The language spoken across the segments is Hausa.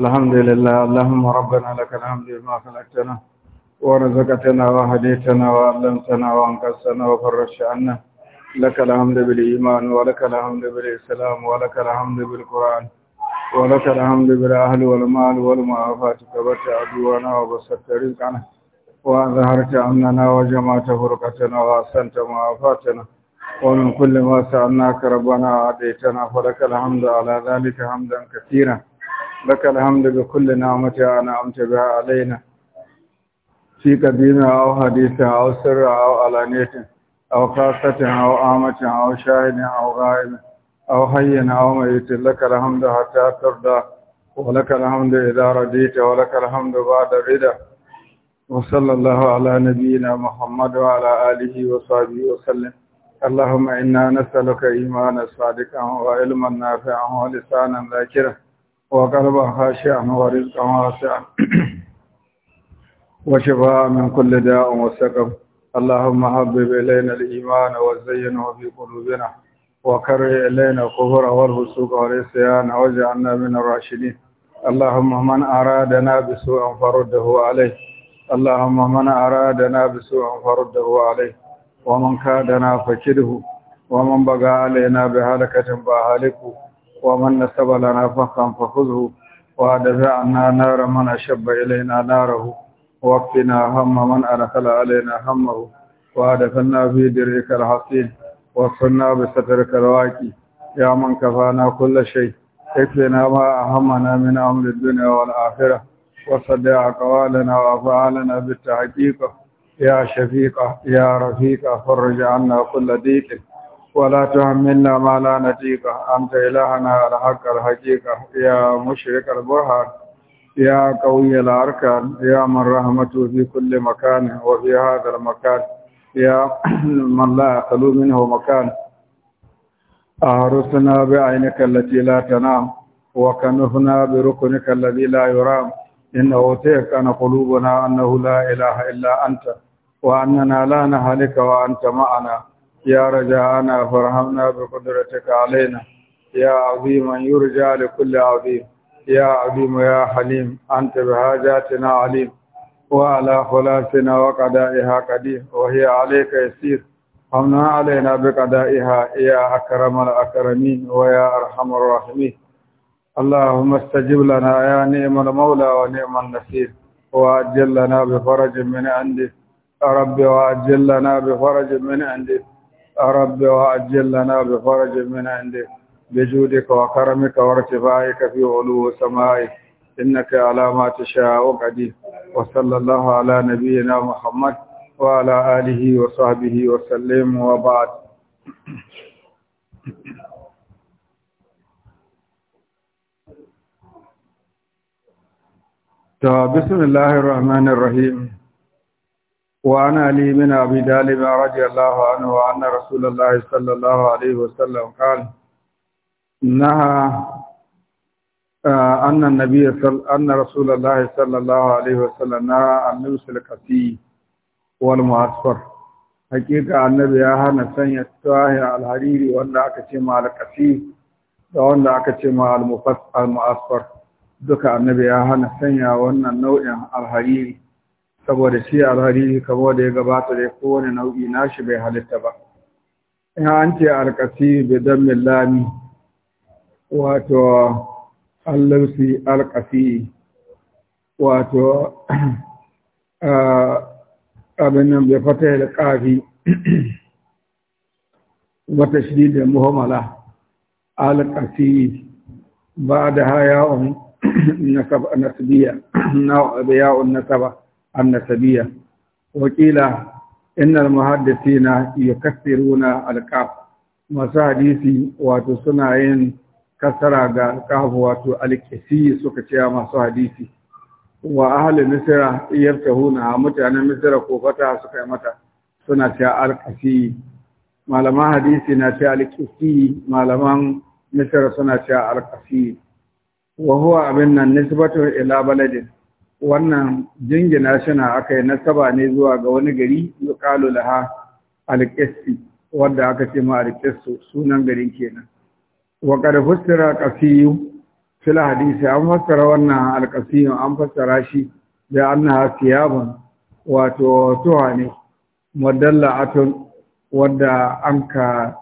الحمد لله اللهم ربنا لك الحمد بما خلقتنا ورزقتنا وهديتنا وعلمتنا وانقذتنا وفرجت عنا لك الحمد بالإيمان ولك الحمد بالإسلام ولك الحمد بالقرآن ولك الحمد بالأهل والمال والمعافاة كبرت عدونا وبسطت رزقنا وأظهرت أمننا وجمعت فرقتنا وأحسنت معافاتنا ومن كل ما سألناك ربنا أعطيتنا فلك الحمد على ذلك حمدا كثيرا لك الحمد بكل نعمة أنعمت بها علينا في قديم أو حديث أو سر أو علانية أو خاصة أو عامة أو شاهد أو غائب أو حي أو ميت لك الحمد حتى ترضى ولك الحمد إذا رديت ولك الحمد بعد رضا وصلى الله على نبينا محمد وعلى آله وصحبه وسلم اللهم إنا نسألك إيمانا صادقا وعلما نافعا ولسانا ذاكرا وقلبا خاشعا ورزقا واسعا وشفاء من كل داء وسقم اللهم حبب إلينا الإيمان وزينه في قلوبنا وكره إلينا الكفر والفسوق والعصيان واجعلنا من الراشدين اللهم من أرادنا بسوء فرده عليه اللهم من أرادنا بسوء فرده عليه ومن كادنا فكده ومن بقى علينا بهلكة فأهلكه ومن نسب لنا فخا فخذه وأدفع عنا نار من أشب إلينا ناره وقفنا هم من أدخل علينا همه وأدخلنا في درك الحصين وصلنا بسترك الواكي يا من كفانا كل شيء اكفنا ما أهمنا من أمر الدنيا والآخرة وصدع أقوالنا وأفعالنا بالتحقيق يا شفيق يا رفيق فرج عنا كل ضيق ولا تهملنا ما لا نتيقه أنت إلهنا الحق الحقيقة يا مشرك البرهان يا قوي الأركان يا من رحمته في كل مكان وفي هذا المكان يا من لا يخلو منه مكان أهرسنا بعينك التي لا تنام وكنفنا بركنك الذي لا يرام إن أوتيك أن قلوبنا أنه لا إله إلا أنت وأننا لا نهلك وأنت معنا يا رجاءنا فرحمنا بقدرتك علينا يا عظيما يرجى لكل عظيم يا عظيم يا حليم أنت بهاجاتنا عليم وعلى خلاصنا وقدائها قدير وهي عليك يسير فمنا علينا بقدائها يا أكرم الأكرمين ويا أرحم الراحمين اللهم استجب لنا يا نعم المولى ونعم النصير وأجل لنا بفرج من عندك رب وأجل لنا بفرج من عندك رب وعجل لنا بفرج من عندك بجودك وكرمك وارتفاعك في علو سمائك إنك على ما تشاء قدير وصلى الله على نبينا محمد وعلى آله وصحبه وسلم وبعد بسم الله الرحمن الرحيم وعن علي بن أبي طالب رضي الله عنه وأن رسول الله صلى الله عليه وسلم قال نهى أن النبي صل... أن رسول الله صلى الله عليه وسلم نهى عن لبس الكسي والمعصفر حقيقة النبي يا هنا سنة تواهي الحريري وأن أكتم على الكسي وأن أكتم على المعصفر دوك النبي يا هنا سنة وأن النوع الحريري saboda shi alhariri kamar da ya gabata da kowane nau'i na shi bai halitta ba Ya an ce alkasi bi dammin lami wato allusi alkasi wato ah, abin nan bai fata da kafi wata shi da muhammala alkasi ba da haya'un nasaba nasbiya na'u biya'un nasaba النسبية وقيل إن المحدثين يكثرون الكاف masu hadisi wato suna yin kasara ga kafu wato alkisi suka cewa masu hadisi wa ahalin misira yaftahuna mutanen misira ko fata suka yi mata suna cewa alkisi malaman hadisi na cewa alkisi malaman misira suna cewa alkisi wa huwa abin nan nisbatu ila baladin wannan jingina shina aka nasaba ne zuwa ga wani gari kalu laha alqisti wanda aka ce ma alqistu sunan garin kenan wa qad fassara qasiyu hadisi an fassara wannan alqasiyu an fassara shi da annaha thiyabun wato tuwa ne atun wanda an ka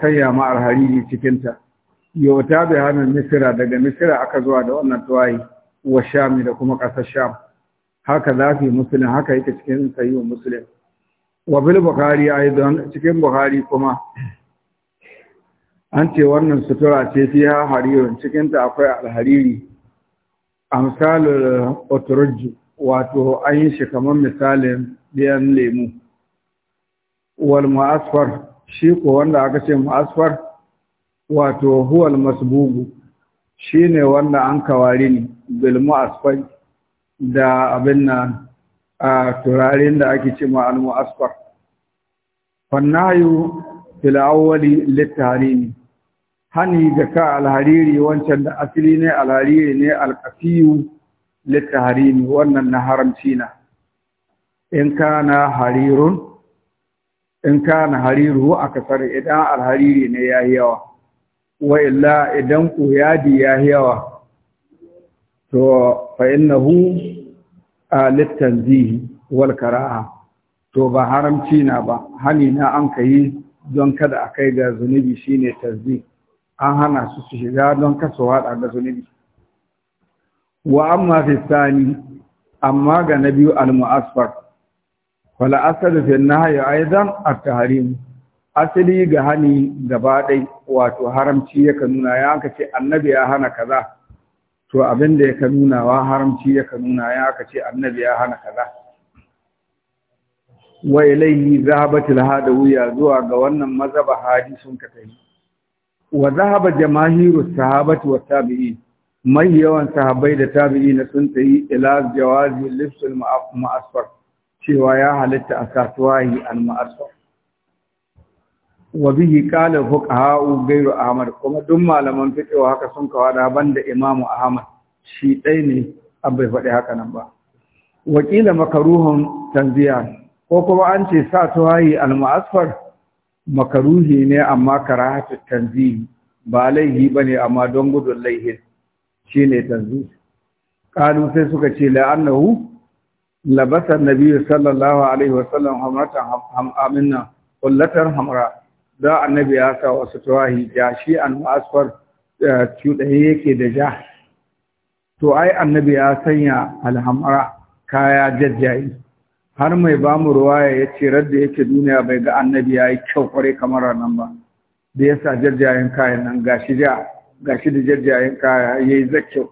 sanya ma alhariri cikin ta yau ta hannun misira daga misira aka zuwa da wannan tuwayi wa shami da kuma ƙasar sham haka zafi musulun haka yake cikin sayi musulun wa bil bukhari don cikin bukhari kuma an ce wannan sutura ce fiha haririn cikin ta akwai alhariri amsalul utruj wato an shi kamar misalin ɗayan lemu wal mu'asfar shi ko wanda aka ce mu'asfar wato huwal masbugu shi ne wanda an kawari ne bilmu asfar da abin nan a turarin da ake ce ma'almu asfar fannayu filawali ne. hani ga ka alhariri wancan da asili ne alhariri ne alkafiyu ne wannan na haramci na in na harirun in na hariru a kasar idan alhariri ne yayi yawa wa illa idan ku yadi ya yawa to fa innahu littanzihi wal karaha to ba haramci na ba hani na an kai don kada a kai ga zunubi shine tanzih an hana su su shiga don kasowa wada ga zunubi wa amma fi sani amma ga na biyu al mu'asfar wal asr fi nahyi aidan at tahrim asali ga hani gaba ɗai wato haramci yaka nuna ya aka ce annabi ya hana kaza to abin da yaka nunawa haramci yaka nuna ya aka ce annabi ya hana kaza wa ilayhi zahabatil wuya zuwa ga wannan mazhaba hadisun ka tai wa zahaba jamaahiru sahabati wa tabi'i mai yawan sahabbai da na sun tai ila jawazi lifsul ma'asfar cewa ya halitta a satuwahi al-ma'asfar wa bihi qala fuqaha ghayru ahmad kuma duk malaman fiqh haka sun da banda imam ahmad shi dai ne an bai faɗi haka nan ba wakila makaruhun tanziya ko kuma an ce sa tuwayi almu'asfar makaruhi ne amma karahatu tanzihi ba laihi bane amma don gudun laihi shine tanzi kalu sai suka ce la'annahu labasa nabiyyu sallallahu alaihi wasallam hamratan aminna kullatar hamra da annabi ya sa wasu tawahi ja shi an asfar eh, cuɗaye yake da ja to ai annabi ya sanya alhamara kaya jajjayi har mai ba mu ruwaya ya ce radda yake duniya bai ga annabi ya yi kyau kwarai kamar nan ba da ya sa jajjayen kayan nan gashi ja da jajjayen kaya ya yi zakkyau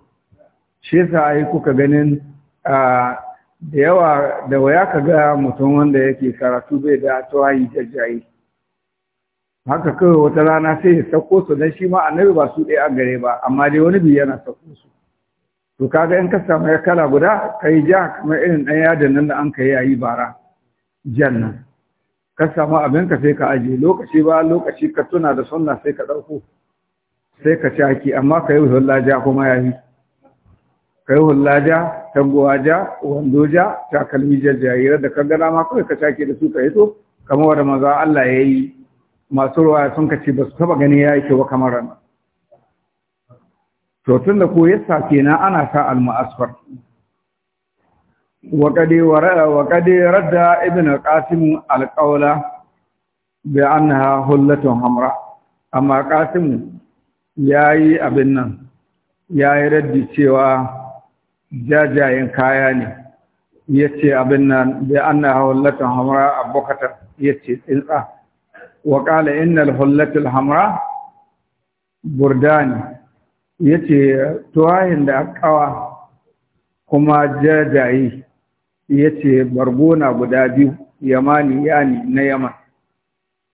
shi yasa ai kuka ganin ah, da yawa da waya ka ga mutum wanda yake karatu bai da tawahi jajjayi haka kawai wata rana sai ya sauko su don shi ma annabi ba su ɗaya a gare ba amma dai wani biyu yana sauko su to kaga in ka samu ya kala guda ka yi ja kamar irin ɗan yadin nan da an ka yi bara jan nan ka samu abin ka sai ka aje lokaci ba lokaci ka tuna da sunna sai ka ɗauko sai ka caki amma ka yi ja kuma ya yi ka yi hullaja tangowa ja wando ja takalmi jajjayi da kaga gana ma kawai ka caki da su ka yi to kamar wanda maza Allah ya yi masu ruwa sun kace ba su taba gani ya yake wa kamar rana to tun da ko kenan ana sa al-mu'asfar wa qad wa qad radda ibn qasim al-qawla bi annaha hullatun hamra amma qasim yayi abin nan yayi raddi cewa jajayen kaya ne yace abin nan bi annaha hullatun hamra ya yace tsinsa Waƙala qala innal hullatul hamra burdani yace tuwahin da akawa kuma jajayi yace bargona guda biyu yamani yani na yaman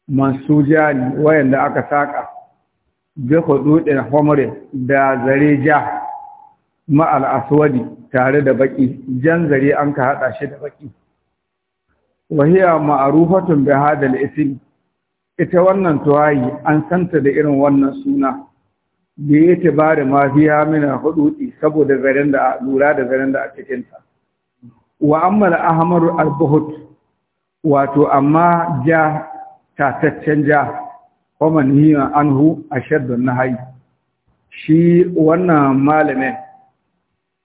mansujani wayanda aka saka bi hududin humri da zare ja ma'al aswadi tare da baki jan zare an ka hada shi da baki wahiya ma'arufatun bi hadal ism ita wannan tuwayi an santa da irin wannan suna da ya ta ba da mafiya mina hudu saboda zaren da lura da zaren da a cikinta wa ammal ahmaru al-buhut wato amma ja tataccen ja kuma niyan anhu ashaddu nahai shi wannan malamin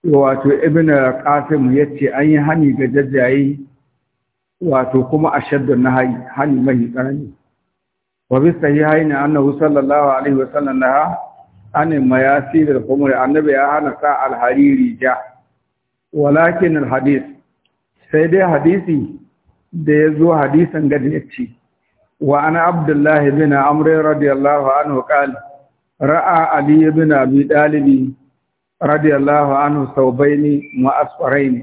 wato ibn qasim yace an yi hani ga jajjaye wato kuma ashaddu nahai hani mai karami wa bi sahihain annahu sallallahu alaihi wa sallam naha an mayasir da qumur annabi ya hana sa alhariri ja walakin al sai dai hadisi da ya zo hadisan ga da yace wa ana abdullahi bin amr radiyallahu anhu qala ra'a ali ibn abi talib radiyallahu anhu saubaini wa asfaraini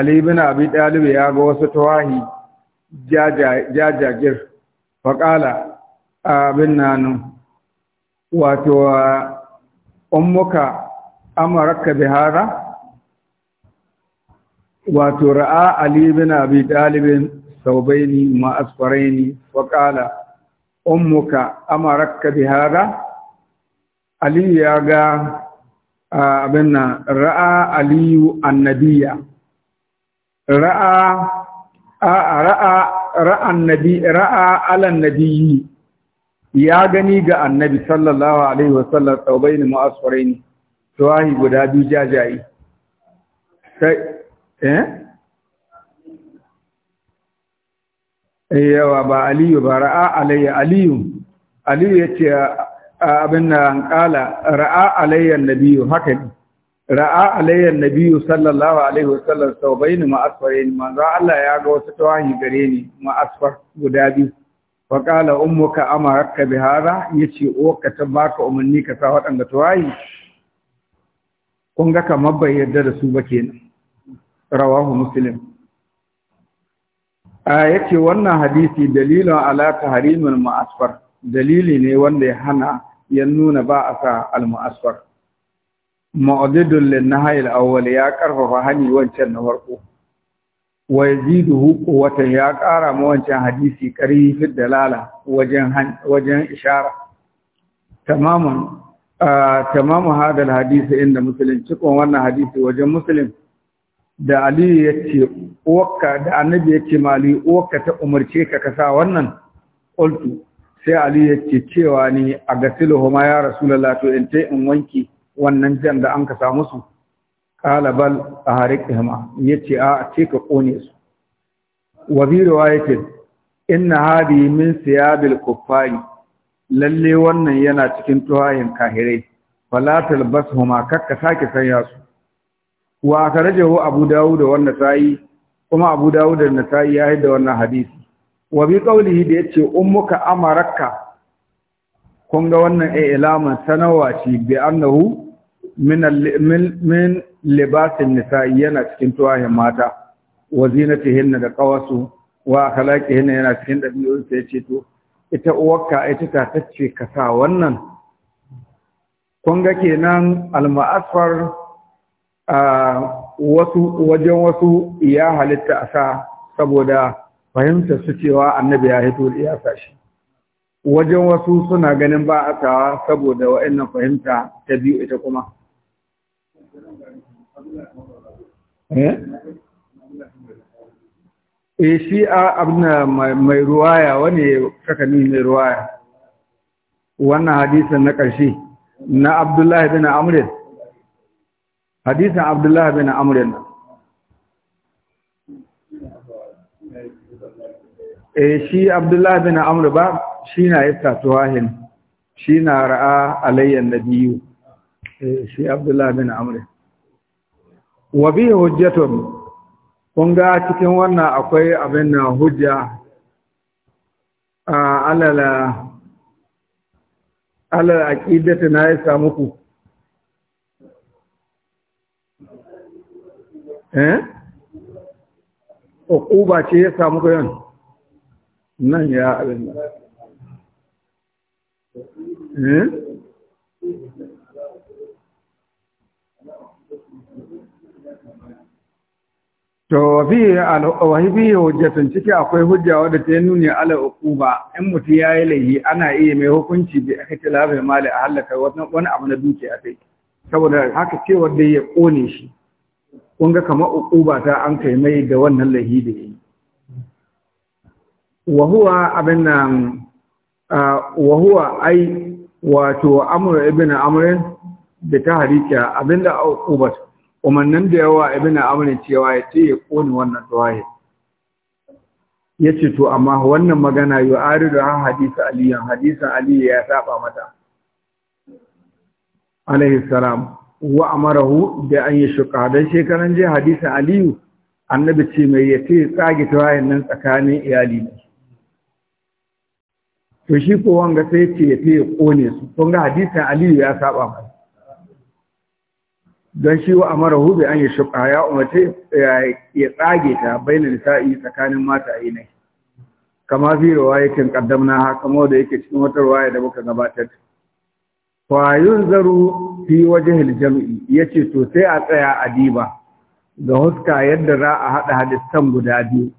ali ibn abi talib ya ga wasu tawahi jajajir faqala abin nan wato ummuka amaraka bihara wato ra'a ali bin abi talib saubaini ma asfaraini wa qala ummuka amaraka bihara ali ya ga abin nan ra'a aliyu annabiya ra'a ra'a ra'a annabi ra'a alan nabiyyi ya gani ga annabi sallallahu alaihi wasallam taubaini mu'asfaraini tawahi guda biyu jajaye sai eh? eh yawa ba aliyu ba ra'a alayya aliyu aliyu yace abin nan kala ra'a alayya nabiyyu haka ra'a alayya nabiyyu sallallahu alaihi wasallam taubaini mu'asfaraini manzo Allah ya ga wasu tawahi gare ni mu'asfar guda biyu wa ka ummuka amaraka bi ce, yace uwarka ta ka umarni ka sa waɗanda tawayi kun ga kamar bai yarda da su ba nan rawahu musulun. a yace wannan hadisi dalilin alaƙa harimin ma'asfar dalili ne wanda ya hana ya nuna ba a sa al-ma'asfar na lin nahyil awwal ya ƙarfafa hani wancan na farko wa yaziduhu quwwatan ya ƙara ma wancan hadisi ƙarfi fi dalala wajen wajen ishara tamamun tamamu hadal hadisi inda muslim cikon wannan hadisi wajen muslim da aliyu ya ce da annabi ya ce mali uwakka ta umarce ka ka sa wannan qultu sai aliyu yace cewa ni a gasilu homa ya rasulallah to in in wanki wannan jan da an ka sa musu ƙalabal a harikihima ya ce a ce ka ƙone su wabi riwayatin inna hadi min siyabil kuffari lalle wannan yana cikin tuhayin kahirai bas talbashuma kakka sake sanya su wa akarajahu abu dawud wa an-nasa'i kuma abu dawud da an-nasa'i ya da wannan hadisi wa bi qawlihi da yace muka amarakka kun ga wannan ai sanawa shi bi annahu min min libasin nisa yana cikin tuwahin mata wa zinatihinna da qawasu wa khalaqihinna yana cikin dabi'un sa yace to ita uwarka ita ta tace ka sa wannan kun ga kenan alma'asfar a wasu wajen wasu ya halitta a sa saboda fahimta su cewa annabi ya hito da ya sashi wajen wasu suna ganin ba a sawa saboda wa'annan fahimta ta biyu ita kuma eh eh shi abna mai ruwaya wani kakani mai ruwaya wannan hadisan na ƙarshe na abdullahi bin amrin Hadisan abdullahi bin amrin E eh, shi abdullahi bin amr ba shi na yasta tuwahin shi na ra'a alayyan biyu. E eh, shi abdullahi bin amr wa bi hujjatun kun ga cikin wannan akwai abin na hujja a alala alala aqidatu na ya samu ku eh uquba ce ya samu ku yan nan ya abinna. eh to wahi bihi hujjatun ciki akwai hujja wadda ta nuna ala ukuba, in mutum ya yi laihi ana iya mai hukunci bi ikhtilafi mali a halaka wani abu na dukiya kai saboda haka ce wanda ya kone shi kun ga kamar ukuba ta an kai mai da wannan laihi da yi wa huwa abin nan wa huwa ai wato amr ibn amr bi tahrika abinda uquba umarnin da yawa ibn amurin cewa ya ce ya kone wannan tawaye ya ce to amma wannan magana yi arido an hadisa aliyan hadisa aliyu ya saba mata alaihissalam wa a marahu da an yi shuka don shekaran je hadisa aliyu annabi ce mai ya ce tsage tawayen nan tsakanin iyali ne to shi ko wanga sai ce ya ce ya kone su kun ga hadisan aliyu ya saba mata don shi wa amara hube an yi shuka ya umarce ya tsage ta bayan nisa'i tsakanin mata a ne kama fi kaddam na, ha kama da yake cikin wata riwaya da muka gabatar Kwayun zaro fi hiljami ya yace to sai a tsaya a diba ga huska yadda za a haɗa hadistan guda biyu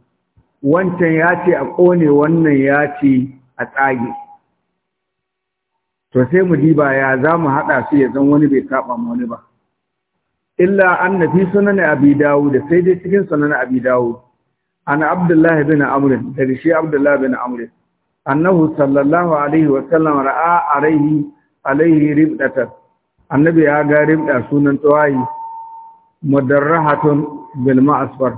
wancan ya ce a kone wannan ya ce a tsage to sai mu diba ya za mu haɗa su ya zan wani bai saba ma wani ba illa anna fi sunan abi da sai dai cikin sunan abi dawo. ana abdullah bin amr da shi abdullah bin amr annahu sallallahu alaihi wa sallam ra'a alaihi alaihi ribdatan annabi ya ga ribda sunan tawayi mudarrahatun bil ma'asfar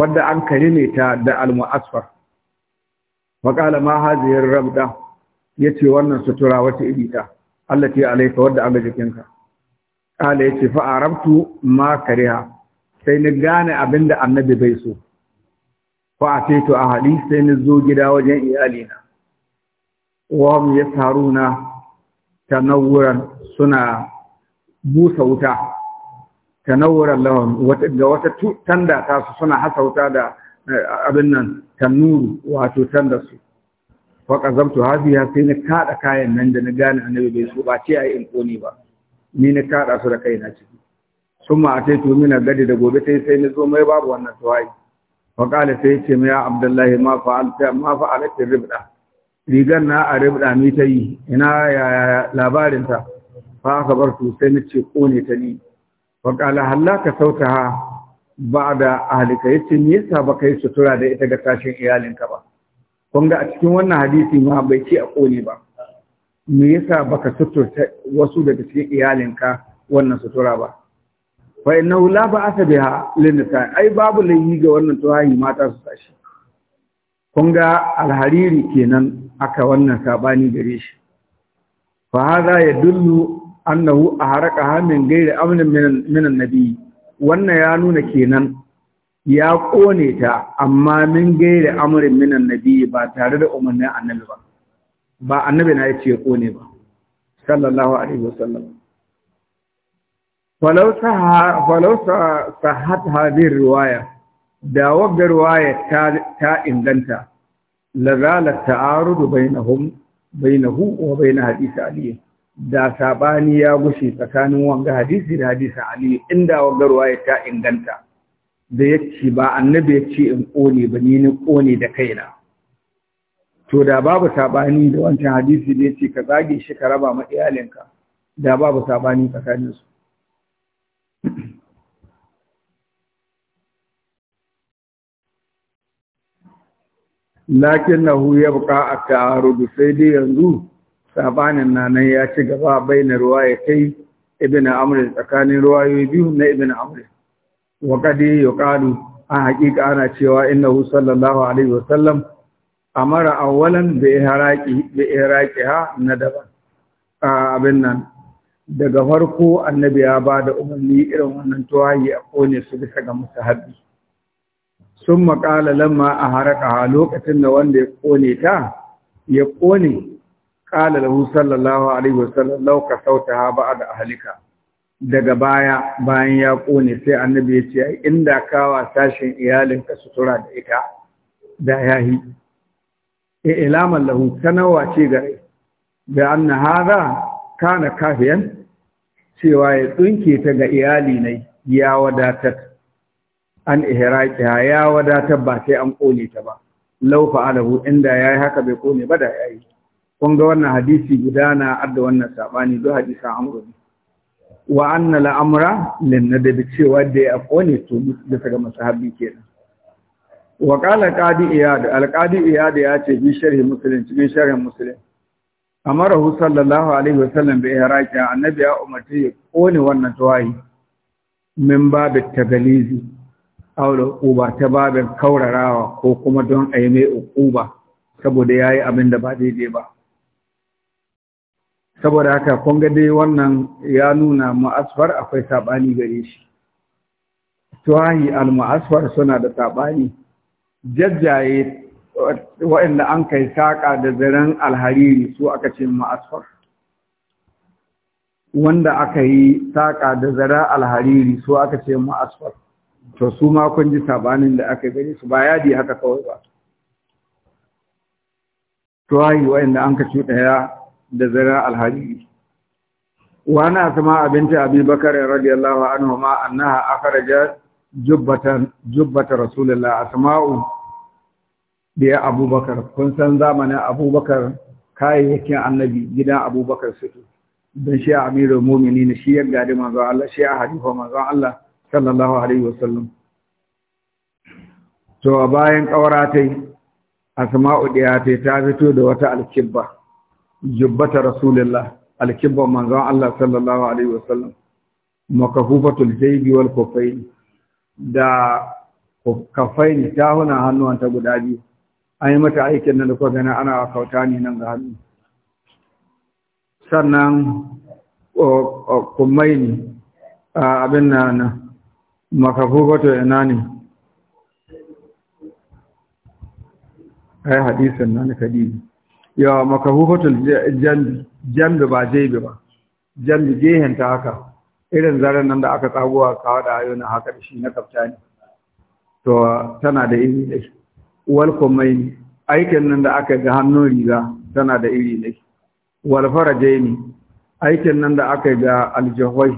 wadda an karime ta da al ma'asfar wa qala ma hadhihi ribda yace wannan sutura wata ibita allati alayka wadda ga jikinka kala ya ce rabtu ma kariha sai ni gane abin da annabi bai so Fa'a to a haɗi sai ni zo gida wajen iyalina mu ya taru na tanawuran suna busa wuta lawan ga wata tanda ta su suna hasa wuta da abin nan tanuru wato tanda su hafi ya sai ni kaɗa kayan nan da ni gane annabi bai so ba ce a yi in ƙoni ba ni na kada su da kaina ciki sun ma sai to mina gadi da gobe sai sai ni zo mai babu wannan tawayi wa kala sai ce mai ya abdullahi ma fa'alta ma fa'alta ribda rigan na a ribda mi ta yi ina ya labarin ta fa aka bar su sai ni ce kone ta ni wa qala halaka sautaha ba'da ahlika yace me yasa ba kai sutura da ita ga kashin iyalinka ba kun ga a cikin wannan hadisi ma bai ce a kone ba me yasa baka suturta wasu daga cikin iyalinka wannan sutura ba fa inna la ba'asa biha linnisa ai babu layi ga wannan tuhayi mata su tashi kun ga alhariri kenan aka wannan sabani gare shi fa ya yadullu annahu aharaqaha min gairi amrin minan annabi wannan ya nuna kenan ya kone ta amma min gaira amurin minan nabi ba tare da umarnin annabi ba ba annabi na yace ya kone ba sallallahu alaihi wasallam sa walau sa sahat hadir riwaya da wagga riwaya ta ta inganta la zala ta'arud bainahum bainahu wa bain hadisi ali da sabani ya gushi tsakanin wanga hadisi da hadisi ali inda wagga riwaya ta inganta da yace ba annabi yace in kone ba ni ni kone da kaina to da babu sabani da wancan hadisi da yace ka zage shi ka raba ma iyalinka da babu sabani tsakanin su lakinnahu yabqa at-ta'arud sai dai yanzu sabanin nan ya ci gaba ya kai, ibn amr tsakanin yi biyu na ibn amr wa ya yuqalu a haƙiƙa ana cewa innahu sallallahu alaihi wasallam amara awwalan bi ha bi na daban abin nan daga farko annabi ya ba da umarni irin wannan tuwayi a kone su bisa ga musahabi sun makala lamma a haraka lokacin da wanda ya kone ta ya kone kala da sallallahu alaihi wasallam lauka sauta ha ba da ahalika daga baya bayan ya kone sai annabi ya ce inda kawa sashen iyalinka sutura da ita da yahi ilaman lahu sanawa ce ga da anna hada kana kafiyan cewa ya tsunke ta ga iyali ne ya wadatar an ihraqi ya wadatar ba sai an kone ta ba law da inda yayi haka bai kone ba da yayi kun ga wannan hadisi gudana adda wannan sabani do hadisan amru wa anna al-amra lin nadabi cewa da ya kone to bisa ga masahabi kenan wa qala qadi iyad al-qadi iyad ya ce bi sharhi muslim cikin sharhin muslim amarahu sallallahu alaihi wasallam bi ihraqi annabi ya umarci ya kone wannan tawayi min babu tagalizi aw uba ta babin kaurarawa ko kuma don yi mai uquba saboda yayi abin da ba daidai ba saboda haka kun ga dai wannan ya nuna mu'asfar akwai sabani gare shi tawayi al-mu'asfar suna da sabani jajjaye waɗanda an kai saƙa da zaren alhariri su aka ce ma'asfar wanda aka yi saƙa da zaren alhariri su aka ce ma'asfar to su ma kun ji sabanin da aka gani su ba yadi haka kawai ba to hayi waɗanda an ka cuɗaya da zaren alhariri wani asma abinci abubakar radiyallahu anhu ma annaha akhrajat jubbata rasulullah asma'u da abubakar kun san zamanin abubakar kayayyakin annabi gidan abubakar suke don shi a amirar momini na shi yadda da manzon Allah shi a hadifa manzon Allah sallallahu alaihi wasallam to a bayan ƙaura ta yi asma'u ɗaya ta ta fito da wata alkibba jubbata rasulullah alkibban manzon Allah sallallahu alaihi wasallam makafufatul jaybi wal kufayn da kafai ne ta huna hannuwanta guda biyu an yi mata aikin nan da kuma gani ana kauta ne nan ga hannu sannan kummai ne abin na na makafu wato ina ne yi hadisun na nika dini yawa makafu wato jambi ba bi ba jambi gehen ta haka irin zaren nan da aka tsagowa kawo da ayo na haka shi na ne to tana da iri ne wal kumaini aikin nan da aka ga hannun riga tana da iri ne wal farajaini aikin nan da aka ga aljahwai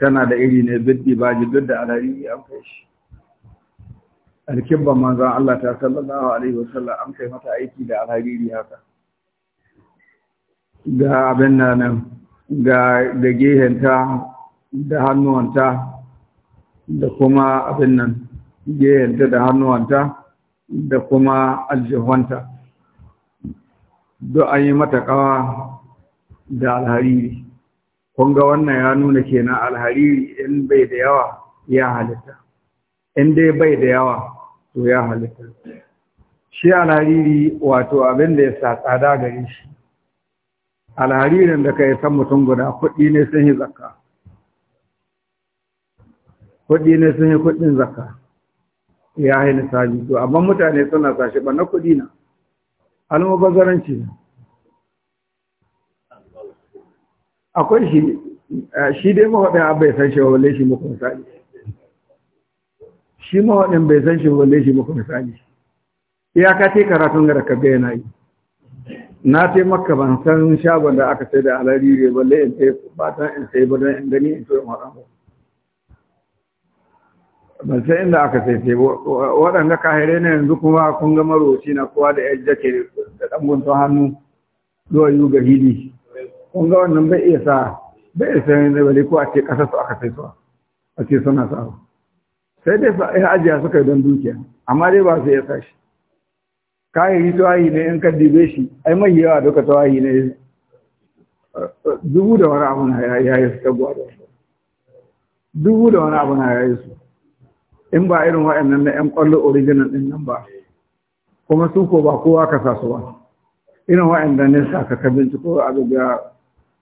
tana da iri ne biddi baji duk da alari an kai shi alkibban manzan Allah ta sallallahu alaihi wasallam an kai mata aiki da alhariri haka ga abin nan ga da gehenta da hannuwanta da kuma abin nan gayanta da hannuwanta da kuma aljihwanta don an yi mata kawa da alhariri ƙunga wannan ya nuna kenan alhariri in bai da yawa ya halitta in dai bai da yawa to ya halitta shi alhariri wato abin da ya sa tsada gare shi alharirin da ka yi san mutum guda kuɗi ne sun yi zakka kuɗi ne sun yi kuɗin zakka ya yi nisabi to amma mutane suna sashi ba na kuɗi na almubazzaranci ne akwai shi shi dai mawaɗin a bai san shi wale shi muku misali shi mawaɗin bai san shi wale shi muku misali ka ce karatun gara ka bai yana yi na ce maka ban san shagon da aka sai da alariri balle in sai ba in sai ba don in gani in so in waɗanda ban inda aka sai sai waɗanda kahire na yanzu kuma kun ga maroci na kowa da yadda ke da ɗanguntun hannu zuwa yi ga hili kun ga wannan bai iya sa bai iya sayan da bale ko a ce ƙasa su aka sai su a ce suna sa sai dai sa ya ajiya suka yi don dukiya amma dai ba su iya sa shi kahiri tawayi ne in ka dibe shi ai mai yawa duka tawayi ne dubu da wani abu na ya yi su tabuwa da dubu da wani abu na ya yi su in ba irin nan na 'yan ƙwallo original ɗin nan ba kuma su ko ba kowa ka sa su ba irin waɗanda ne sa ka ka binciko a daga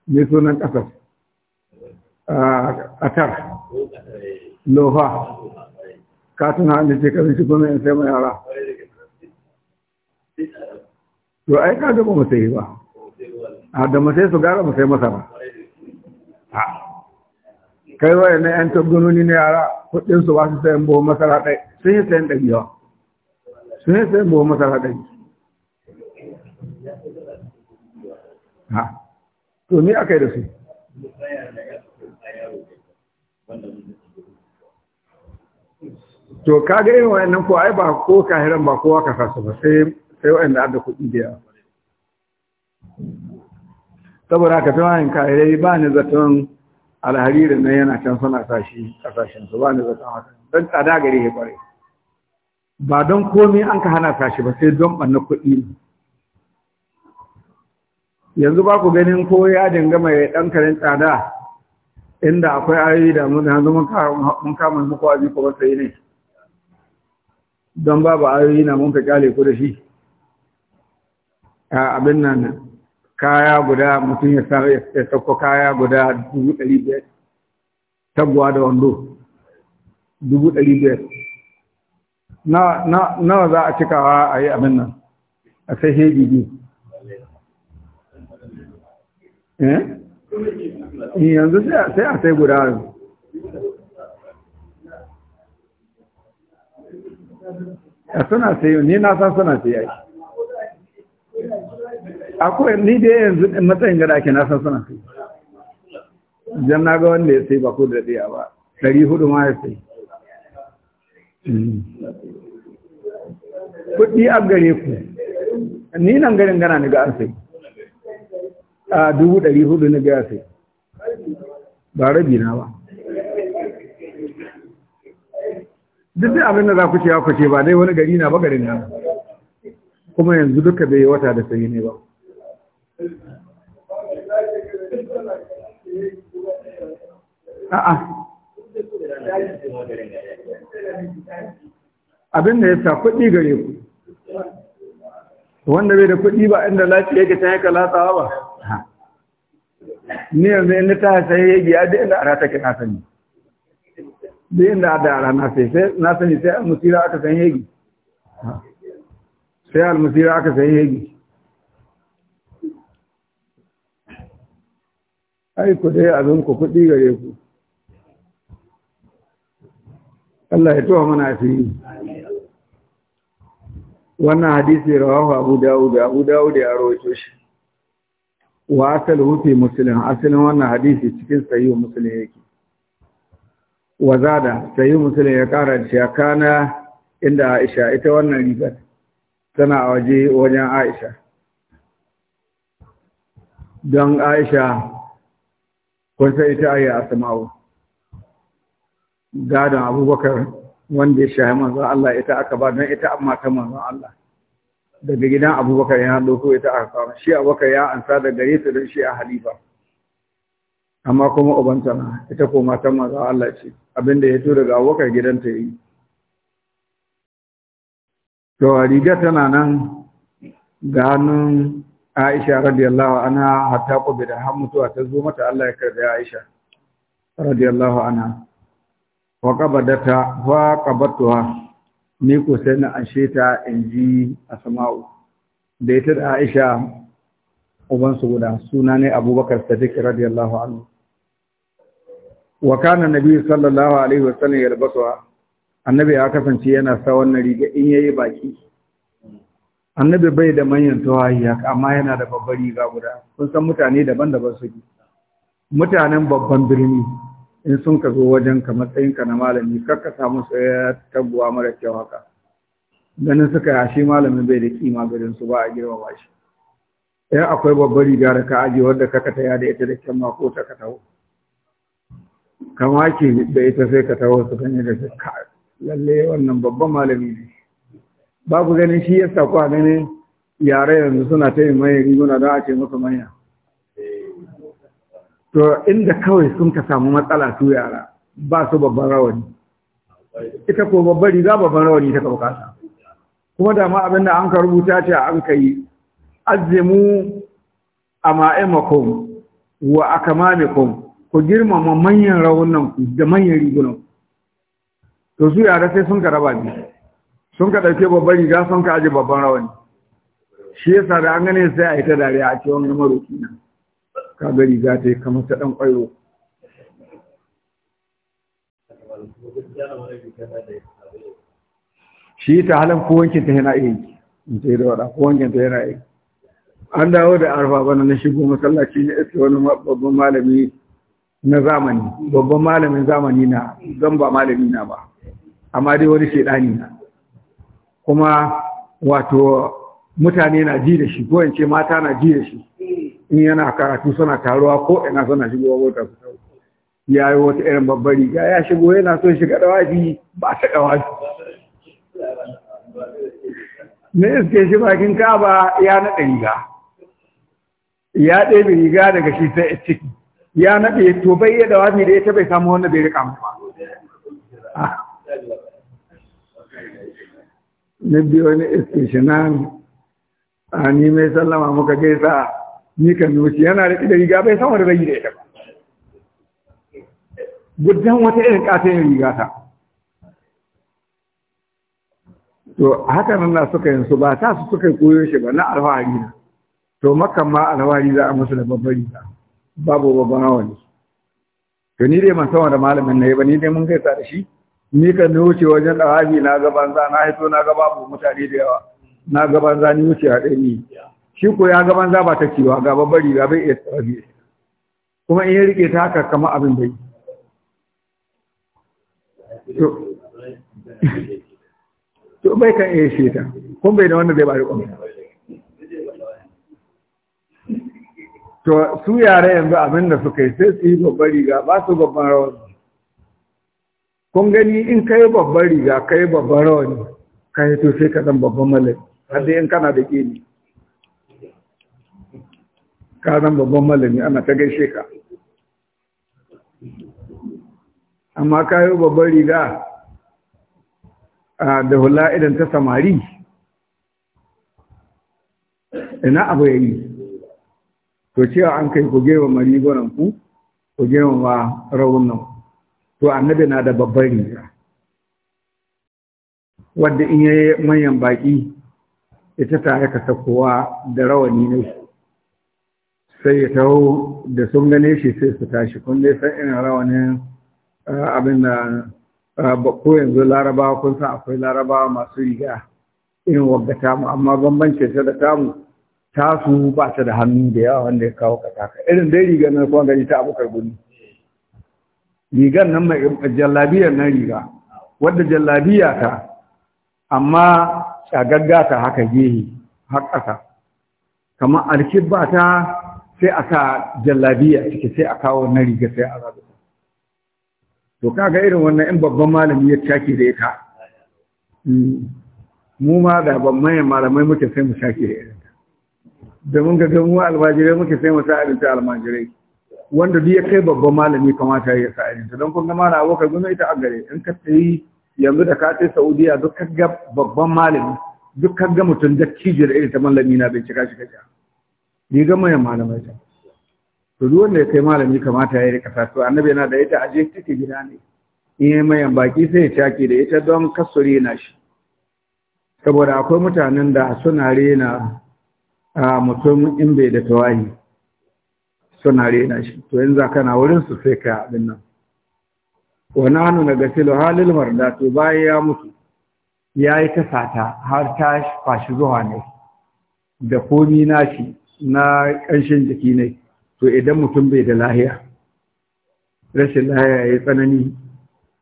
mai sunan ƙasar a tar lofa ka tuna da ce ka binciko na in sai mai yara to ai ka gaba masai ba a da masai sai su gara mu sai masara kai waye na yan tabgunoni na yara kudin su ba su sayan buhu masara ɗai sun yi sayan ɗari yawa sun yi sayan buhu masara ɗari ha to ni aka yi da su to kaga irin wayannan ko ai ba ko kahiran ba kowa ka kasu ba sai sai wayanda adda kuɗi da yawa saboda ka tawayin kahirai ba ni zaton alharirin nan yana can suna tashi kasashen su ba ni zaton haka don tsada gari ya kware ba don komai an ka hana tashi ba sai don ɓanna kuɗi ne yanzu ba ku ganin ko ya dinga mai ɗan karin tsada inda akwai ayoyi da mun yanzu mun kama muku aji ko sai ne don babu ayoyi na mun ka kyale ku da shi a abin nan kaya guda mutum ya sauko kaya guda dubu ɗari biyar taguwa da wando dubu ɗari biyar nawa za a cikawa a yi abin nan a sai hegigi eh? eh yanzu sai a sai guda a suna sai ni na san suna sai yi akwai ni da yanzu matsayin gada ke nasan suna sai jan na ga wanda ya sai ba ko da daya ba ɗari hudu ma ya sai hmm. kuɗi a gare ku ni nan garin gana ni ga an sai a dubu ɗari hudu ni ga ya sai ba rabi na ba duk da abin da za ku ce ya ku ce ba dai wani gari na ba garin na kuma yanzu duka bai wata da sayi ne ba a'a abin da ya sa kuɗi gare ku wanda bai da kuɗi ba inda lafiya yake ta yaka latsawa ba ni yanzu inda ta sai ya biya da inda ara take na sani da inda da ara na sai sai na sani sai almusira aka san yegi sai almusira aka san yegi ai ku dai abin ku kuɗi gare ku Allah ya tuwa mana asiri wannan hadisi rawahu Abu Dawud Abu Dawud ya rawaito shi wa asal fi Muslim asalin wannan hadisi cikin sahih Muslim yake wa zada sahih Muslim ya kara shi kana inda Aisha ita wannan rigar tana a waje wajen Aisha don Aisha kun sai ita ayi asma'u gadon abubakar wanda ya shahi manzon Allah ita aka ba don ita amma ta manzon Allah daga gidan abubakar ya doko ita aka kawo shi abubakar ya ansa da gare ta don shi a halifa amma kuma ubanta na ita ko matan manzon Allah ce abinda ya to daga abubakar gidanta yi to riga tana nan ganin Aisha radiyallahu anha hatta da har mutuwa ta zo mata Allah ya karbi Aisha radiyallahu anha wa qabadata wa qabatuha ni ko sai na anshe ta inji asma'u da ita da Aisha uban su guda suna ne Abubakar Sadiq radiyallahu anhu wa kana nabi sallallahu alaihi wasallam rubuta. annabi ya kasance yana sa wannan riga in yayi baki annabi bai da manyan tawayi amma yana da babbar riga guda kun san mutane daban-daban suke mutanen babban birni in sun ka zo wajen ka matsayinka na malami kar ka samu ta taguwa mara kyau haka ganin suka yashi malamin bai da kima garin su ba a girmama shi ya akwai babbar riga da ka ajiye wadda ka kataya da ita da kyan mako ta ka taho kama ke da ita sai ka taho su yi da su ka lalle wannan babban malami ne babu ganin shi yasa ko a ganin yare yanzu suna ta yin mai riguna don a ce musu manya to inda kawai sun ka samu matsala su yara ba su babban rawani ita ko babban riga babban rawani ta kasa kuma da ma abinda an ka rubuta ce an ka yi azimu a ma'aimakon wa a kamamikon, ku girmama manyan rawunan ku da manyan rigunan to su yara sai sun ka raba biyu sun ka ɗauke babban riga sun ka aji babban rawani shi yasa da an gane sai a yi ta dariya a cewa wani maroki nan kaga riga ta yi kamar ta ɗan ƙwairo shi ta halin kowankin ta yana yi in ta yi da waɗa, kowankin ta yana yi an dawo da arfa bana na shigo masallaci na iske wani babban malami na zamani babban malamin zamani na zan ba malami na ba amma dai wani shaidani na kuma wato mutane na ji da shi ko in ce mata na ji da shi in yana karatu suna taruwa ko ina suna shigo wata su taru ya yi wata irin babbar riga ya shigo yana so shiga dawafi ba ta dawafi na iske shi bakin kaba ya naɗa riga ya ɗebe riga daga shi sai ciki ya naɗe to bai ya dawafi da ya taɓa samu wanda bai rika ba na biyu wani iske shi nan a ni mai sallama muka gaisa Ni kan miyoci yana da da riga bai sama da ragi da ita ba gudan wata irin ƙasa yin riga ta to haka nan na suka yin su ba ta su suka koyo shi ba na alfahari na to makan ma alfahari za a musu da babban riga babu babban hawani to ni dai man sama da malamin na yi ba ni dai mun kai sa da shi ni kan ni wuce wajen ɗawabi na gaban za na haito na gaba mutane da yawa na gaban za ni wuce a ɗaya shi ko ya gaban za ba ta cewa ga babbar riga bai iya tsarabi kuma in ya rike ta haka kama abin bai to bai kan iya shi ta kun bai da wanda zai ba riƙon to su yare yanzu abin da suka yi sai su yi babbar riga ba su babban rawar kun gani in ka yi babbar riga ka yi babban rawar ka yi to sai ka zan babban malami har dai in kana da ƙini ka zan babban malami ana ta gaishe ka amma ka yi babban riga ah, da hula idan ta samari ina abu ya yi? to cewa an kai ku gewa gwanan ku ku gewa ma nan, to annabi na da babban riga wadda in yi manyan baki ita tare ka sakowa da rawani ne sai ya taho da sun gane shi sai su tashi kun dai san ina rawanin abin da ko yanzu larabawa kun san akwai larabawa masu riga irin ta mu. amma bambance ta da ta tasu ba ta da hannu da yawa wanda ya kawo kataka irin dai rigar nan kuma gani ta abokar guni rigar nan mai jallabiyar nan riga wadda jallabiya ta amma shagagga ta haka gehe har kamar alkibba ta sai a sa jallabiya ciki sai a kawo wannan riga sai a zaɓi to kaga irin wannan in babban malami ya shaki da ita mm, mu ma da ban malamai muke sai mu shaki da irin da mun ga mu almajirai muke sai mu sa irin ta almajirai wanda duk ya kai babban malami kamata ya sa irin ta don kun gama na abokan gudun ita a gare in ka tsayi yanzu da ka tsaye saudiya duk ka ga babban malami duk ka ga mutum da cijiyar irin ta malami na bincika shi ka rigar mayan malamai ta to duk wanda ya kai malami kamata ya rika tasu annabi yana da ita aje take gida ne in ya mayan baki sai ya take da ita don kasuri na shi saboda akwai mutanen da suna rena a mutum in bai da tawayi suna rena shi to yanzu kana wurin su sai ka abin nan wa nanu nagasilu halil marda to bayan ya mutu ya yi ta sata har ta fashi zuwa ne da komi nashi na ƙanshin jiki ne to idan mutum bai da lahiya rashin lahiya ya tsanani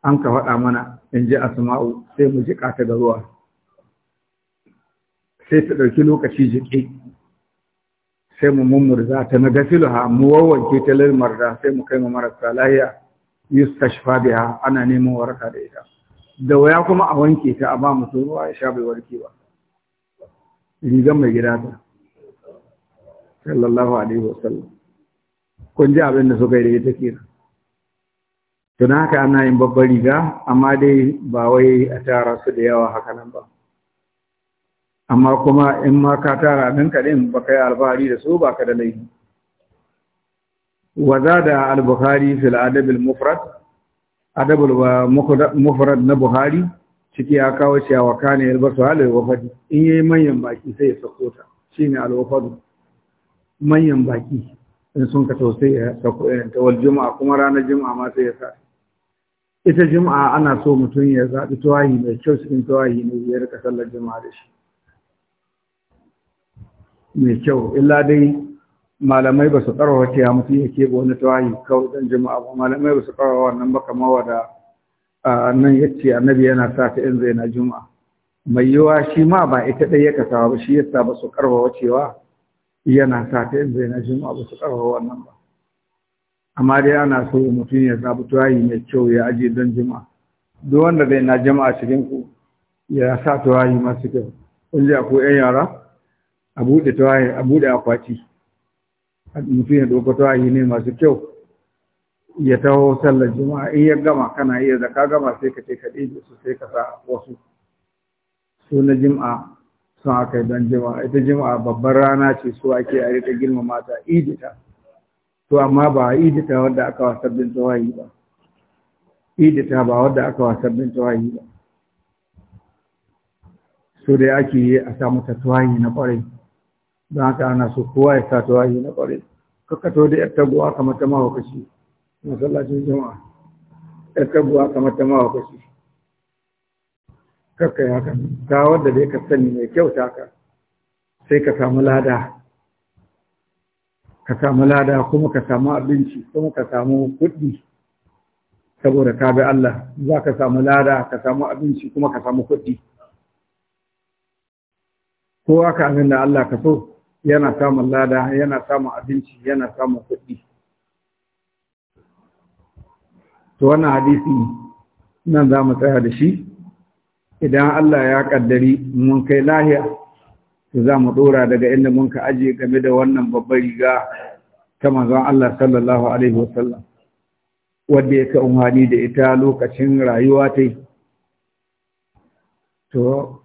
an ka faɗa mana in ji asma'u sai mu jiƙa ta da ruwa sai ta ɗauki lokaci jiki sai mu mummurza ta na ha mu wawanke ta da sai mu kai mu marasa lahiya shifa biya ana neman waraka da ita da waya kuma a wanke ta a ba mutum ruwa ya sha bai warke ba rigar mai gida ta sallallahu alaihi wasallam kun ji abin da suka yi da ita kenan na haka ana yin babbar riga amma dai ba wai a tara su da yawa haka nan ba amma kuma in ma ka tara ɗin kaɗin ba ka yi alfahari da su ba ka da laifi waza da al-bukhari adab al mufrad adabul mufrad na buhari ciki ya kawo cewa kana yalbasu halil wafadi in yayi manyan baki sai ya sako ta shine al-wafadu manyan baki in sun ka sai ya sako eh, ta wal juma'a kuma ranar juma'a ma sai ya sa ita juma'a ana so mutum ya zaɓi tawahi mai kyau cikin tawahi ne ya rika sallar juma'a da shi mai kyau illa dai malamai ba su karawa ya mutum ya keɓe wani tawahi kawai dan juma'a ba malamai ba su ƙarawa wannan ba kamar wada nan ya ce annabi yana sa ta in zai na juma'a mai yiwa shi ma ba ita ɗaya ya kasawa ba shi yasa ba su ƙarawa cewa yana sa ta yin zai na juma'a ba su ƙarfa wannan ba amma dai ana so mutum ya zaɓi tuwayi mai kyau ya ajiye don jima'a. duk wanda zai na jima'a cikin ku ya sa tuwayi masu kyau kun ji akwai yan yara a buɗe tuwayi a buɗe akwati mutum ya ɗauka tuwayi ne masu kyau ya taho sallar juma'a in ya gama kana iya zaka gama sai ka ce ka ɗebe su sai ka sa wasu su na jima'a. sun aka don jima'a ita jima'a babbar rana ce so ake a rika girmama ta idita to amma ba idita wadda aka wasar bin tawayi ba idita ba wadda aka wasar bin tawayi ba so da ake yi a samu ta tawayi na kwarai don haka ana so kowa ya sa tawayi na kwarai kakato da yar taguwa kamar ta mahaukaci masallacin jima'a yar taguwa kamar ta mahaukaci ya haka Ta wadda dai ka sani mai kyauta ka sai ka samu lada ka samu lada kuma ka samu abinci kuma ka samu kuɗi saboda ka bi Allah za ka samu lada ka samu abinci kuma ka samu kuɗi kowa ka amin da Allah ka so yana samun lada yana samun abinci yana samun kuɗi to wannan hadisi nan za mu tsaya da shi idan Allah ya kaddari mun kai lahiya to za mu dora daga inda mun ka aje game da wannan babbar riga ta manzon Allah sallallahu alaihi wasallam wanda ya ka umhani da ita lokacin rayuwa ta to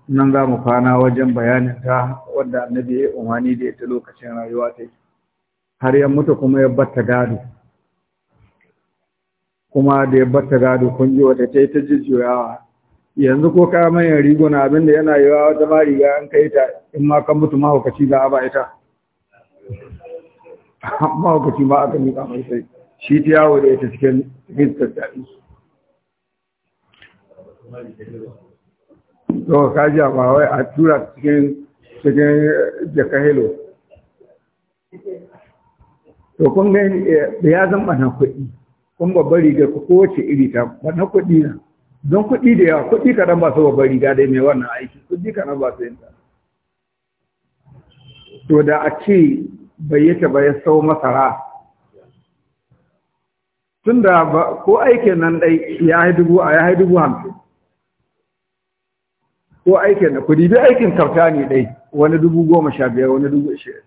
nan za mu kwana wajen bayanin ta wanda annabi ya umhani da ita lokacin rayuwa ta har ya mutu kuma ya batta gado kuma da ya batta gado kun ji wata ta yi ta jujjuyawa yanzu ko ka manyan riguna abinda yana yiwa wata ma riga an kai ta in ma kan mutu mahaukaci za a ba ita mahaukaci ma aka miƙa mai sai shi ta yawo da ita cikin cikin tattali to ka ji ba wai a tura cikin cikin helo. to kun ga eh, ya zan ɓana kuɗi kun babbar riga ko iri ta ɓana kuɗi na don kuɗi da yawa kuɗi kaɗan ba su babbar riga dai mai wannan aiki kuɗi kaɗan ba su yin ta to da a ce bai yake ba ya sau masara da ba ko aikin nan dai ya yi dubu a ya yi dubu hamsin ko aikin da kuɗi bi aikin kauta ne dai wani dubu goma sha biyar wani dubu ashirin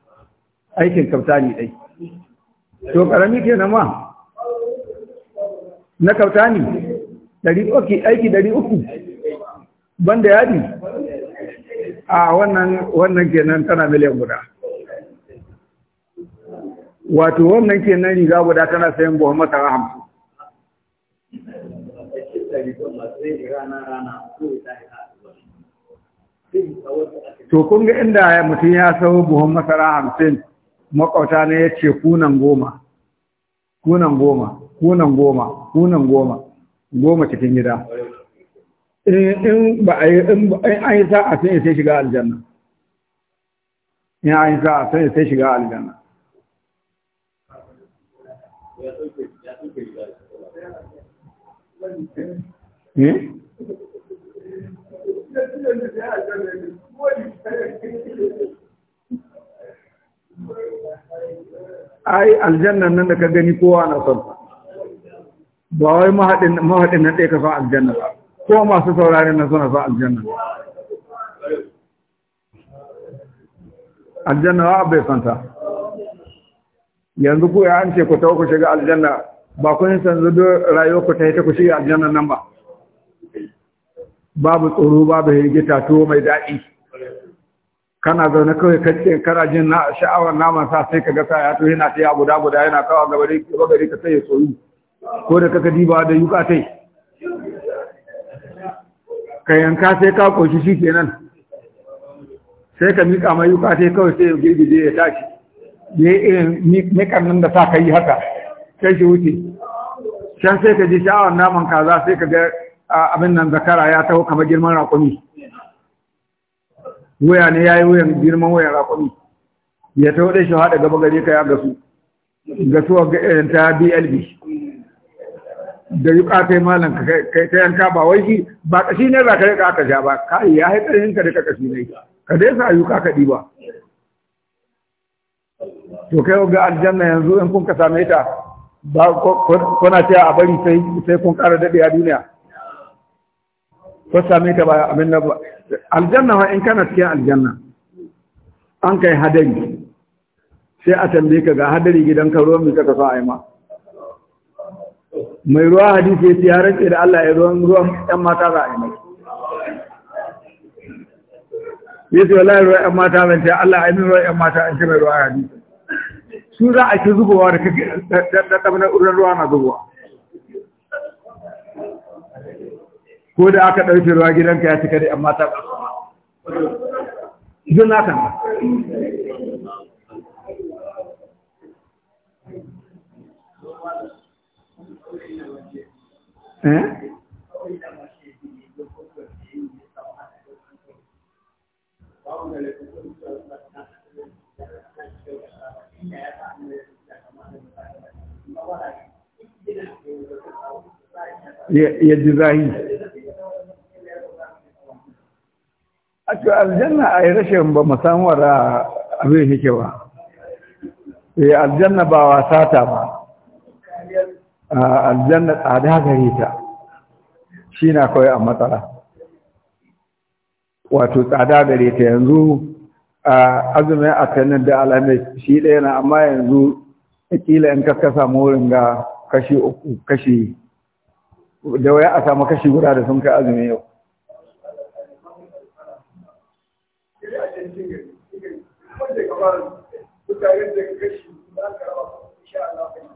aikin kauta ne dai to ƙarami kenan ma na kauta ne ɗari uku aiki ɗari uku banda yadi a wannan wannan kenan tana miliyan guda wato wannan kenan riga guda tana sayan buhun masara hamsin to kun ga inda mutum ya sau buhun masara hamsin makauta ne ya ce kunan goma kunan goma kunan goma kunan goma goma cikin gida in ba a yi in an yi sa'a sun sai shiga aljanna in an yi sa'a sun sai shiga aljanna hmm? ai aljannan nan da ka gani kowa na son ba wai mahaɗin nan ɗaya ka son aljanna ba ko masu saurari na suna son aljanna aljanna ba bai santa yanzu ku ya an ce ku ta ku shiga aljanna ba ku yin sanzu don rayuwa ku ta yi ta ku shiga aljanna nan ba babu tsoro babu hirgita tuwo mai daɗi kana zaune kawai kacce kana jin sha'awar naman sa sai ka ga sa ya tuhi yana ta yi guda guda yana kawo gabari ka sai ya tsoro ko da kaka diba da yuka tai ka yanka sai ka koshi shi kenan sai ka miƙa mai yuka sai kawai sai ya girgije ya tashi ya irin mikan nan da sa ka yi haka sai shi wuce can sai ka ji sha'awar naman kaza sai ka ga abin nan zakara ya taho kamar girman raƙumi waya ne ya yi wuyan girman wayan raƙumi ya taho da shi haɗa gaba gare ka ya gasu gasuwa ta blb da yuka yi malam ka kai ta yanka ba wai shi ba kashi ne za ka rika aka ja ba kai ya haifar da ka rika kashi ne ka dai sa yuka ka ba to kai ga aljanna yanzu in kun ka same ta ba kuna ce a bari sai sai kun ƙara dade a duniya ko same ta ba abin nan ba aljanna ma in kana cikin aljanna an kai hadari sai a tambaye ka ga hadari gidan ka ruwan mi kaka sa a yi ma mai ruwa hadisi ya ce ya rantse da Allah ya ruwan ruwan ƴan mata za a yi mai ya ce wallahi ruwan ƴan mata zan ce Allah ya yi ruwan ƴan mata an ce mai ruwa hadisi su za a ci zubowa da kake ɗaɗɗaɓnar urin ruwa na zubowa ko da aka ɗauke ruwa gidanka ya cika da ƴan mata ba. Zun naka. Eh? ya ji zahi a cikin aljanna a yi rashin ba musamman abin yake ba eh, aljanna ba wasa ta ba aljanna tsada gare ta shi na kawai a matsala wato tsada gare ta yanzu azumin kanin da alamai shi ɗaya na amma yanzu ƙila in ka samu wurin ga kashi uku kashi da waya a samu kashi guda da sun kai azumin yau Thank you.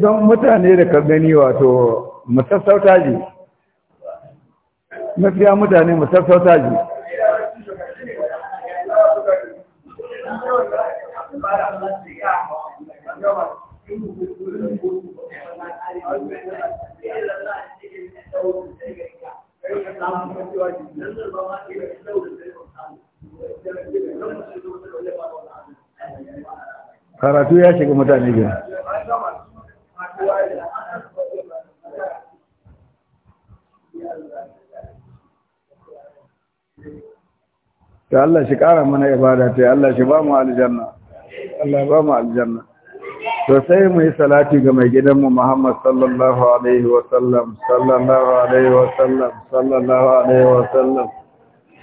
don mutane da ka gani wato musassauta ji mafiya mutane musassauta ji Thank you. karatu ya shiga mutane gina ta Allah shi ƙara mana ibada ta Allah shi ba mu aljanna Allah ba mu aljanna to sai mu yi salati ga mai gidanmu Muhammad sallallahu alaihi wa sallam sallallahu alaihi wa sallam sallallahu alaihi wa sallam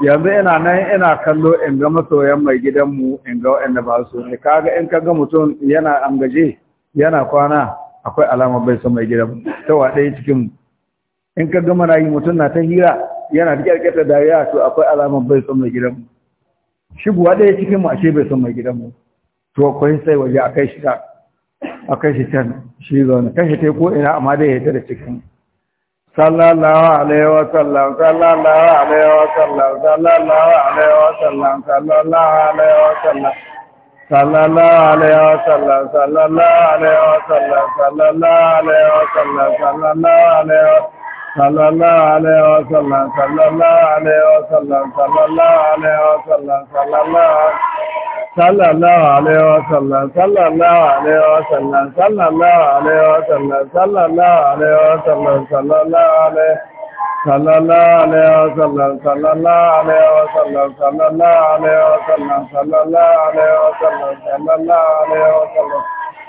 yanzu ina nan ina kallo in ga masoyan mai gidanmu in ga waɗanda ba su ne eh, kaga in kaga mutum yana angaje yana kwana akwai alama bai son mai gidanmu ta waɗaya cikin in kaga mana yi mutum na ta hira yana kyarkyata dariya to akwai alama bai son mai gidanmu shigowa ɗaya cikin mu ashe bai son mai gidanmu to akwai sai waje a kai shi can shi zaune kai shi ko ina amma dai ya da cikin sallallahu alaihi wasallam sallallahu alaihi wasallam sallallahu alaihi wasallam sallallahu alaihi wasallam sallallahu alaihi wasallam sallallahu alaihi wasallam sallallahu alaihi sallallahu alaihi sallallahu alaihi wa sallam sallallahu alaihi wa sallam sallallahu alaihi wa sallam sallallahu sallallahu alaihi wa sallam sallallahu alaihi wa sallam sallallahu alaihi wa sallam sallallahu alaihi wa sallam sallallahu alaihi sallallahu alaihi wa sallam sallallahu alaihi wa sallam sallallahu alaihi wa sallam sallallahu alaihi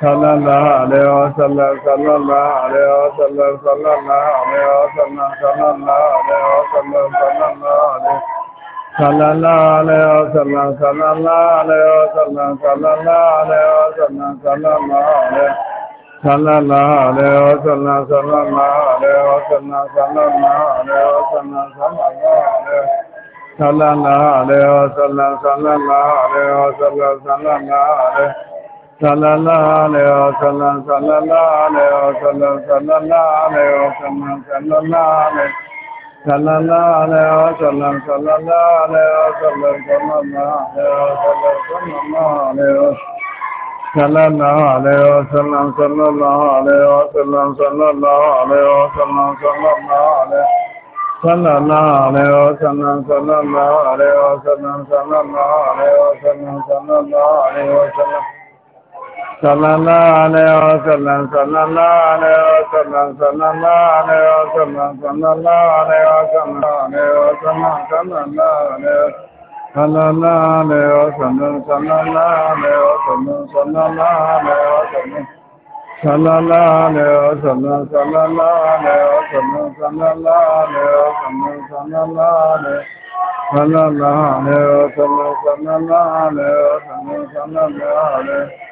sallallahu alaihi wa sallam sallallahu alaihi wa sallam sallallahu alaihi wa sallam sallallahu alaihi wa sallam sallallahu alaihi wa sallam sallallahu alaihi sallallahu Sallallahu alaihi wa sallam sallallahu wa sallam sallallahu alaihi wa sallam sallallahu alaihi sallallahu alaihi wa sallam sallallahu alaihi wa sallam sallallahu alaihi wa sallam sallallahu alaihi wa sallam sallallahu alaihi wasallam sallallahu alaihi wasallam sallallahu alaihi wasallam sallallahu alaihi wasallam sallallahu alaihi wasallam သနနာလေဩသနံသနနာလေဩသနံသနနာလေဩသနံသနနာလေဩသနံသနနာလေဩသနံသနနာလေဩသနံသနနာလေသနနာလေဩသနံသနနာလေဩသနံသနနာလေ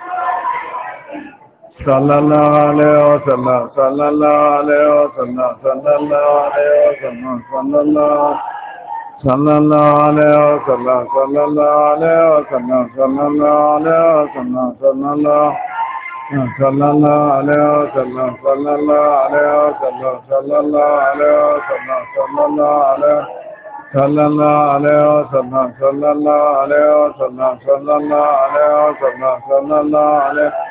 sallallahu alaihi wa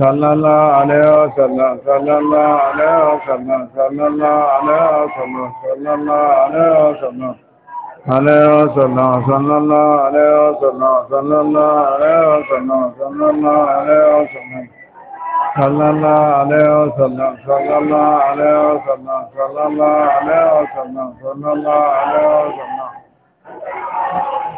ဆလလာအလယောဆလဆလလာအလယောဆလဆလလာအလယောဆလဆလလာအလယောဆလအလယောဆလဆလလာအလယောဆလဆလလာအလယောဆလဆလလာအလယောဆလဆလလာအလယောဆလဆလလာအလယောဆလဆလလာအလယောဆလဆလလာအလယောဆလ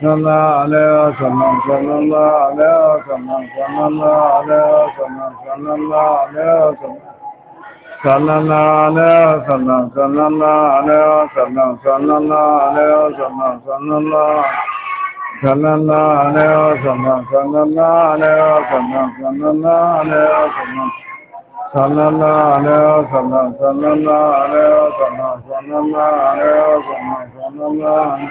صلى الله عليه وسلم صلى الله عليه وسلم صلى الله عليه وسلم صلى الله عليه وسلم صلى الله عليه وسلم صلى الله عليه وسلم صلى الله عليه وسلم صلى الله صلى الله عليه وسلم صلى الله عليه وسلم صلى الله عليه وسلم صلى الله عليه وسلم صلى الله عليه وسلم صلى الله عليه وسلم صلى الله عليه وسلم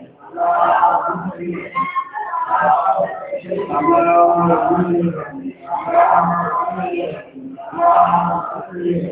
Thank you.